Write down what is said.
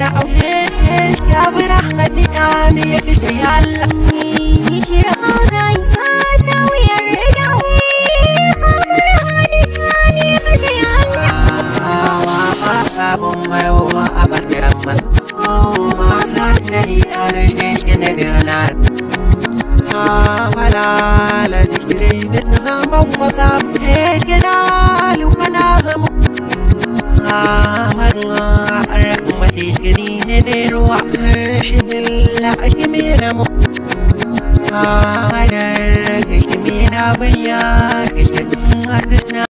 انا عمري يا بنا خليني يدشي هلا sabon marowa a basiran masu masu nari a rashin gina birnar malala zikirai da na zaman wasa gina lumana zama a maruwa digiri na dero a karshe billa a kimira mu a da rage kimira bayan